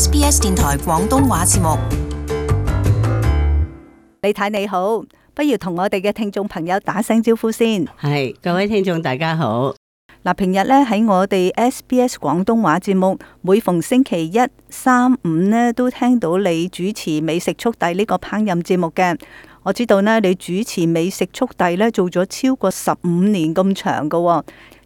SBS 電台廣東話節目，李太你好，不如同我哋嘅聽眾朋友打聲招呼先。係各位聽眾大家好。嗱，平日呢喺我哋 SBS 廣東話節目，每逢星期一、三、五呢都聽到你主持《美食速遞》呢個烹飪節目嘅。我知道呢，你主持《美食速遞》呢做咗超過十五年咁長嘅喎，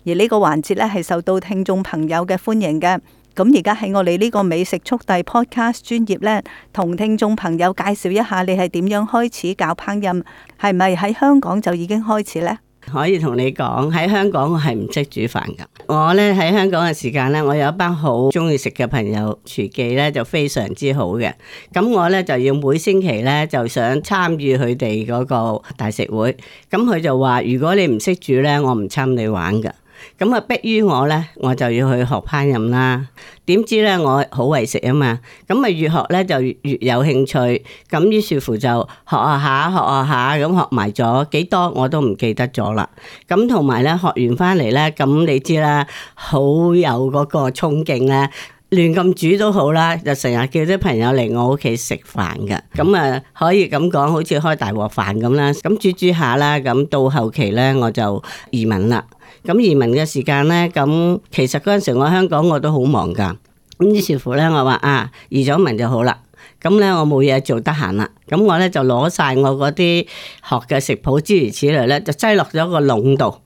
而呢個環節呢係受到聽眾朋友嘅歡迎嘅。咁而家喺我哋呢個美食速遞 podcast 專頁呢，同聽眾朋友介紹一下你係點樣開始搞烹飪，係咪喺香港就已經開始呢？可以同你講，喺香港我係唔識煮飯噶。我呢喺香港嘅時間呢，我有一班好中意食嘅朋友，廚技呢就非常之好嘅。咁我呢，就要每星期呢就想參與佢哋嗰個大食會。咁佢就話：如果你唔識煮呢，我唔侵你玩噶。咁啊，迫於我咧，我就要去學烹飪啦。點知咧，我好為食啊嘛。咁啊，越學咧就越有興趣。咁於是乎就學下下，學下下，學下下，咁學埋咗幾多我都唔記得咗啦。咁同埋咧，學完翻嚟咧，咁你知啦，好有嗰個憧憬咧。亂咁煮都好啦，就成日叫啲朋友嚟我屋企食飯噶。咁啊，可以咁講，好似開大鑊飯咁啦。咁煮煮下啦，咁到後期咧我就移民啦。咁移民嘅時間咧，咁其實嗰陣時我香港我都好忙噶。咁於是乎咧，我話啊，移咗民就好啦。咁咧我冇嘢做，得閒啦。咁我咧就攞曬我嗰啲學嘅食譜諸如此類咧，就擠落咗個籠度。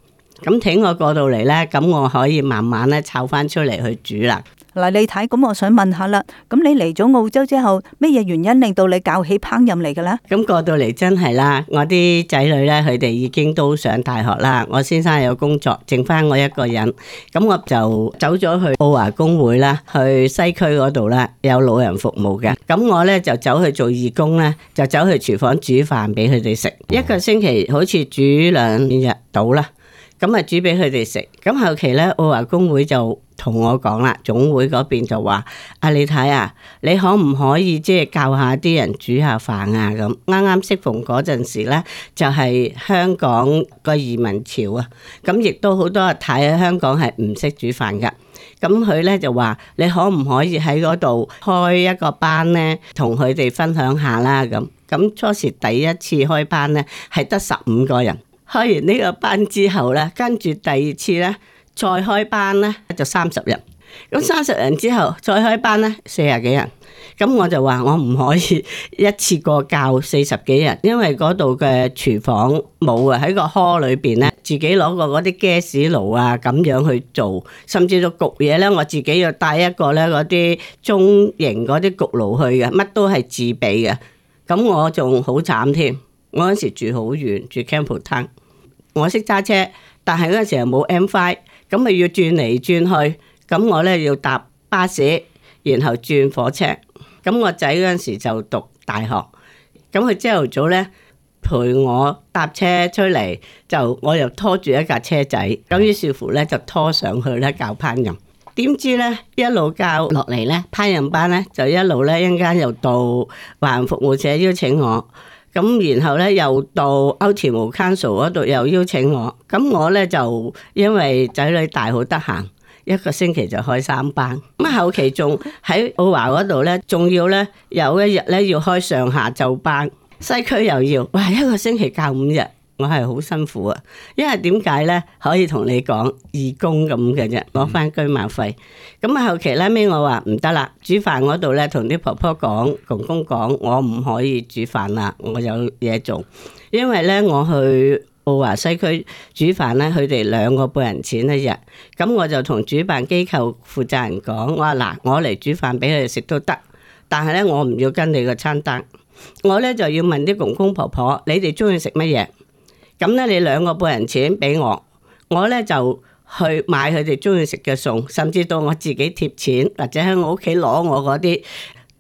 咁等我過到嚟咧，咁我可以慢慢咧炒翻出嚟去煮啦。嗱，你睇咁，我想問下啦。咁你嚟咗澳洲之後，咩嘢原因令到你搞起烹飪嚟嘅咧？咁過到嚟真係啦，我啲仔女咧，佢哋已經都上大學啦。我先生有工作，剩翻我一個人。咁我就走咗去澳華工會啦，去西區嗰度啦，有老人服務嘅。咁我咧就走去做義工咧，就走去廚房煮飯俾佢哋食。一個星期好似煮兩日到啦。咁啊煮俾佢哋食。咁後期咧，奧華工會就同我講啦，總會嗰邊就話：啊，你睇啊，你可唔可以即係教下啲人煮下飯啊？咁啱啱適逢嗰陣時咧，就係香港個移民潮啊，咁亦都好多阿太喺香港係唔識煮飯噶。咁佢咧就話：你可唔可以喺嗰度開一個班咧，同佢哋分享下啦？咁咁初時第一次開班咧，係得十五個人。開完呢個班之後呢，跟住第二次呢，再開班呢，就三十人，咁三十人之後再開班呢，四十幾人，咁我就話我唔可以一次過教四十幾人，因為嗰度嘅廚房冇啊，喺個殼裏邊呢，自己攞個嗰啲 gas 爐啊咁樣去做，甚至到焗嘢，呢。我自己要帶一個呢嗰啲中型嗰啲焗爐去嘅，乜都係自備嘅，咁我仲好慘添。我嗰陣時住好遠，住 Campbelltown。我識揸車，但係嗰陣時又冇 M5，咁咪要轉嚟轉去。咁我咧要搭巴士，然後轉火車。咁我仔嗰陣時就讀大學。咁佢朝頭早咧陪我搭車出嚟，就我又拖住一架車仔，咁於是乎咧就拖上去咧教烹飪。點知咧一路教落嚟咧，烹飪班咧就一路咧一陣間又到華人服務社邀請我。咁然後咧，又到 Ultimo Council 嗰度又邀請我，咁我咧就因為仔女大，好得閒，一個星期就開三班。咁後期仲喺奧華嗰度咧，仲要咧有一日咧要開上下晝班，西區又要，哇，一個星期教五日。我係好辛苦啊，因為點解呢？可以同你講義工咁嘅啫，攞返居馬費咁啊。嗯、後期呢，尾我話唔得啦，煮飯嗰度呢，同啲婆婆講公公講，我唔可以煮飯啦，我有嘢做。因為呢，我去澳華西區煮飯呢，佢哋兩個半人錢一日咁，我就同主辦機構負責人講，我話嗱，我嚟煮飯俾佢哋食都得，但係呢，我唔要跟你個餐單，我呢就要問啲公公婆婆，婆，你哋中意食乜嘢？咁咧，你兩個半人錢俾我，我咧就去買佢哋中意食嘅餸，甚至到我自己貼錢或者喺我屋企攞我嗰啲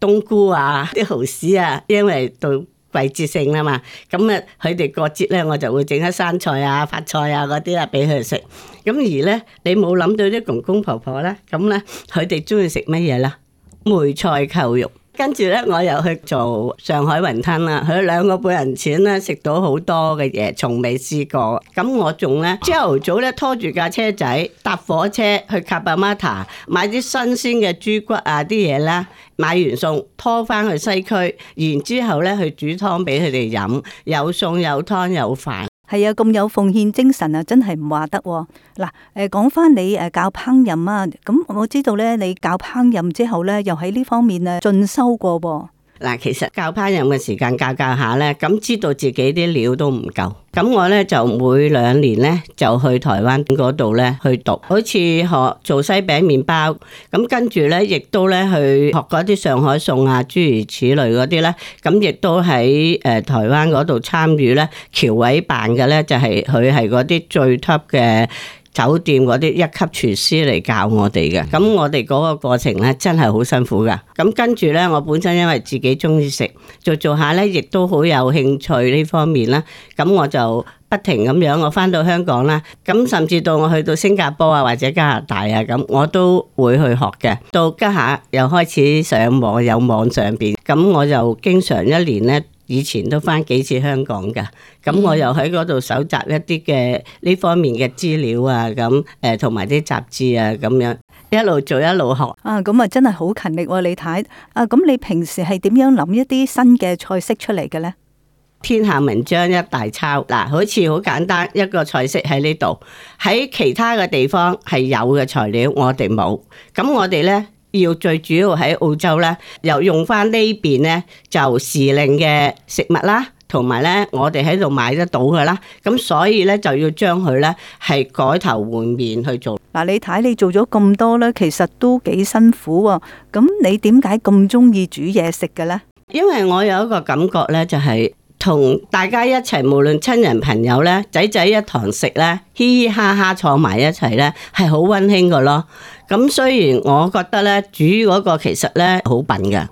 冬菇啊、啲蠔豉啊，因為到季節性啦嘛。咁啊，佢哋過節咧，我就會整啲生菜啊、發菜啊嗰啲啊俾佢哋食。咁而咧，你冇諗到啲公公婆婆咧，咁咧佢哋中意食乜嘢啦？梅菜扣肉。跟住呢，我又去做上海雲吞啦。佢兩個半人錢咧，食到好多嘅嘢，從未試過。咁我仲呢，朝頭早呢，拖住架車仔搭火車去卡巴馬塔買啲新鮮嘅豬骨啊啲嘢啦，買完餸拖翻去西區，然之後呢，去煮湯俾佢哋飲，有餸有湯有飯。係啊，咁有奉獻精神，哦，啊，真係唔話得喎。嗱，誒講翻你誒搞烹飪啊，咁我知道咧，你搞烹飪之後咧，又喺呢方面誒進修過喎，哦。嗱，其實教烹飪嘅時間教教下呢，咁知道自己啲料都唔夠，咁我呢，就每兩年呢，就去台灣嗰度呢去讀，好似學做西餅麵包，咁跟住呢，亦都呢去學嗰啲上海餸啊，諸如此類嗰啲呢。咁亦都喺誒台灣嗰度參與呢僑委辦嘅呢、就是，就係佢係嗰啲最 top 嘅。酒店嗰啲一級廚師嚟教我哋嘅，咁我哋嗰個過程咧真係好辛苦噶。咁跟住咧，我本身因為自己中意食，做做下咧，亦都好有興趣呢方面啦。咁我就不停咁樣，我翻到香港啦，咁甚至到我去到新加坡啊或者加拿大啊，咁我都會去學嘅。到家下又開始上網有網上邊，咁我就經常一年咧。以前都返幾次香港㗎，咁我又喺嗰度搜集一啲嘅呢方面嘅資料啊，咁誒同埋啲雜誌啊，咁樣一路做一路學啊，咁啊真係好勤力喎、啊，李太啊，咁你平時係點樣諗一啲新嘅菜式出嚟嘅呢？天下文章一大抄嗱、啊，好似好簡單一個菜式喺呢度，喺其他嘅地方係有嘅材料，我哋冇，咁我哋呢。要最主要喺澳洲咧，又用翻呢邊咧就時令嘅食物啦，同埋咧我哋喺度買得到嘅啦，咁所以咧就要將佢咧係改頭換面去做。嗱，你睇你做咗咁多咧，其實都幾辛苦喎。咁你點解咁中意煮嘢食嘅咧？因為我有一個感覺咧，就係。同大家一齊，無論親人朋友咧，仔仔一堂食咧，嘻嘻哈哈坐埋一齊咧，係好溫馨㗎咯。咁雖然我覺得咧，煮嗰個其實咧好笨㗎，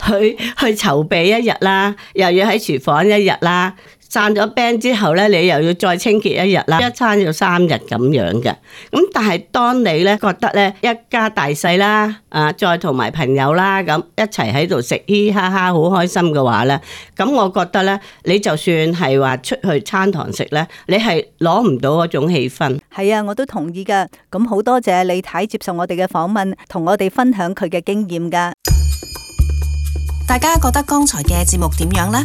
佢去，去籌備一日啦，又要喺廚房一日啦。散咗 band 之後咧，你又要再清潔一日啦，一餐要三日咁樣嘅。咁但係當你咧覺得咧一家大細啦，啊再同埋朋友啦，咁一齊喺度食，嘻嘻哈哈好開心嘅話咧，咁我覺得咧你就算係話出去餐堂食咧，你係攞唔到嗰種氣氛。係啊，我都同意噶。咁好多謝李太接受我哋嘅訪問，同我哋分享佢嘅經驗噶。大家覺得剛才嘅節目點樣呢？